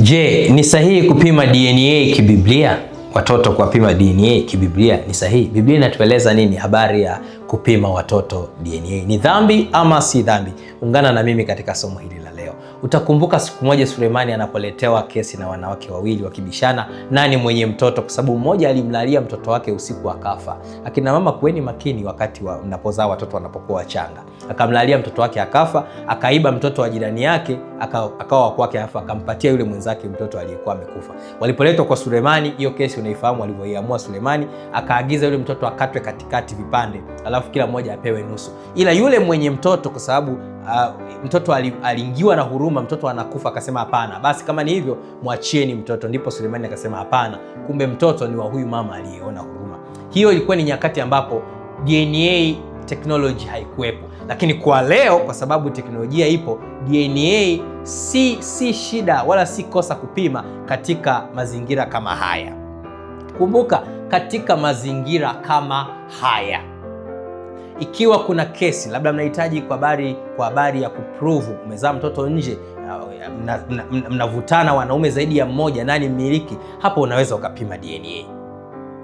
Je, ni sahihi kupima DNA kibiblia? Watoto kuwapima DNA kibiblia ni sahihi? Biblia inatueleza nini habari ya kupima watoto DNA? Ni dhambi ama si dhambi? Ungana na mimi katika somo hili la leo. Utakumbuka siku moja Sulemani anapoletewa kesi na wanawake wawili wakibishana nani mwenye mtoto, kwa sababu mmoja alimlalia mtoto wake usiku akafa. Akina mama, kuweni makini wakati wa mnapozaa watoto wanapokuwa wachanga. Akamlalia mtoto wake akafa, akaiba mtoto wa jirani yake akawa kwake, afa akampatia yule mwenzake mtoto aliyekuwa amekufa. Walipoletwa kwa Sulemani, hiyo kesi unaifahamu walivyoiamua. Sulemani akaagiza yule mtoto akatwe katikati vipande, alafu kila mmoja apewe nusu, ila yule mwenye mtoto kwa sababu uh, mtoto aliingiwa na huruma nyuma mtoto anakufa, akasema hapana, basi kama ni hivyo mwachieni mtoto. Ndipo Sulemani akasema hapana, kumbe mtoto ni wa huyu mama aliyeona huruma. Hiyo ilikuwa ni nyakati ambapo DNA teknoloji haikuwepo, lakini kwa leo, kwa sababu teknolojia ipo, DNA si, si shida wala si kosa kupima katika mazingira kama haya. Kumbuka, katika mazingira kama haya ikiwa kuna kesi labda mnahitaji kwa habari kwa habari ya kupruvu umezaa mtoto nje, mnavutana wanaume zaidi ya mmoja, nani mmiliki, hapo unaweza ukapima DNA.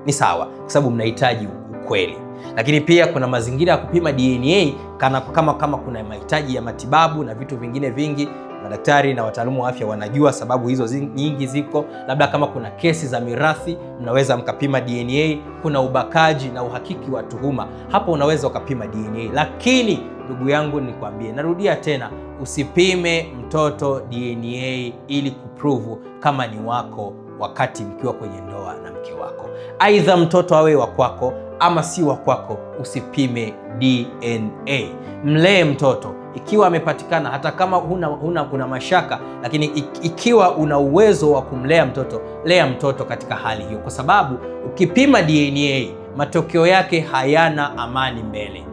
Ni sawa, kwa sababu mnahitaji ukweli lakini pia kuna mazingira ya kupima DNA kana kama, kama kuna mahitaji ya matibabu na vitu vingine vingi madaktari na wataalamu wa afya wanajua sababu hizo zi, nyingi ziko labda, kama kuna kesi za mirathi mnaweza mkapima DNA, kuna ubakaji na uhakiki wa tuhuma, hapo unaweza ukapima DNA. Lakini ndugu yangu, nikwambie, narudia tena, usipime mtoto DNA ili kupruvu kama ni wako wakati mkiwa kwenye ndoa na mke wako, aidha mtoto awe wa kwako ama si wa kwako, usipime DNA. Mlee mtoto ikiwa amepatikana, hata kama huna, huna kuna mashaka, lakini ikiwa una uwezo wa kumlea mtoto, lea mtoto katika hali hiyo, kwa sababu ukipima DNA matokeo yake hayana amani mbele.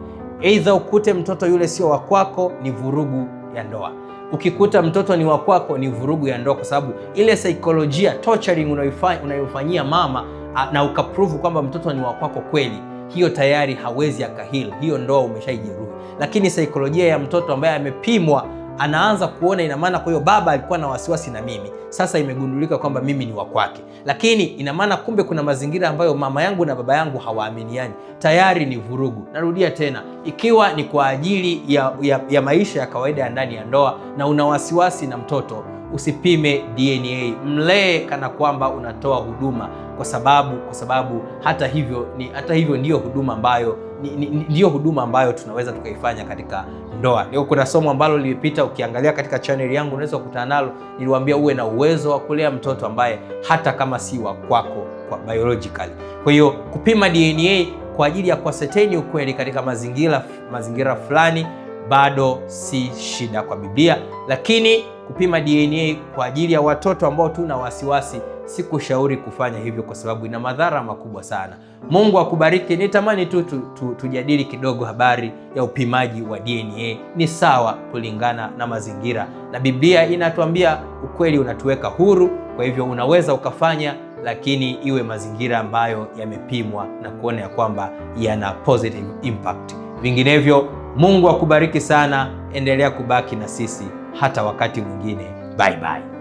Aidha ukute mtoto yule sio wa kwako, ni vurugu ya ndoa. Ukikuta mtoto ni wa kwako, ni vurugu ya ndoa, kwa sababu ile saikolojia torturing unayofanyia mama na ukaprove kwamba mtoto ni wa kwako kweli hiyo tayari hawezi akahil, hiyo ndoa umeshaijeruhi. Lakini saikolojia ya mtoto ambaye amepimwa anaanza kuona, ina maana kwa hiyo baba alikuwa na wasiwasi na mimi, sasa imegundulika kwamba mimi ni wa kwake, lakini ina maana kumbe kuna mazingira ambayo mama yangu na baba yangu hawaaminiani, tayari ni vurugu. Narudia tena, ikiwa ni kwa ajili ya, ya, ya maisha ya kawaida ya ndani ya ndoa na una wasiwasi na mtoto usipime DNA, mlee kana kwamba unatoa huduma, kwa sababu kwa sababu hata hivyo ni hata hivyo ndiyo huduma ambayo ni, ni, ndiyo huduma ambayo tunaweza tukaifanya katika ndoa. Leo kuna somo ambalo lilipita, ukiangalia katika channel yangu unaweza kukutana nalo, niliwaambia uwe na uwezo wa kulea mtoto ambaye hata kama si wa kwako kwa biologically. Kwa hiyo kupima DNA kwa ajili ya kuaseteni ukweli katika mazingira mazingira fulani bado si shida kwa Biblia, lakini kupima DNA kwa ajili ya watoto ambao tuna wasiwasi, sikushauri kufanya hivyo kwa sababu ina madhara makubwa sana. Mungu akubariki. Nitamani tu tujadili tu, tu, kidogo habari ya upimaji wa DNA. Ni sawa kulingana na mazingira, na Biblia inatuambia ukweli unatuweka huru. Kwa hivyo unaweza ukafanya, lakini iwe mazingira ambayo yamepimwa na kuona ya kwamba yana positive impact. Vinginevyo, Mungu akubariki sana, endelea kubaki na sisi hata wakati mwingine. Bye bye.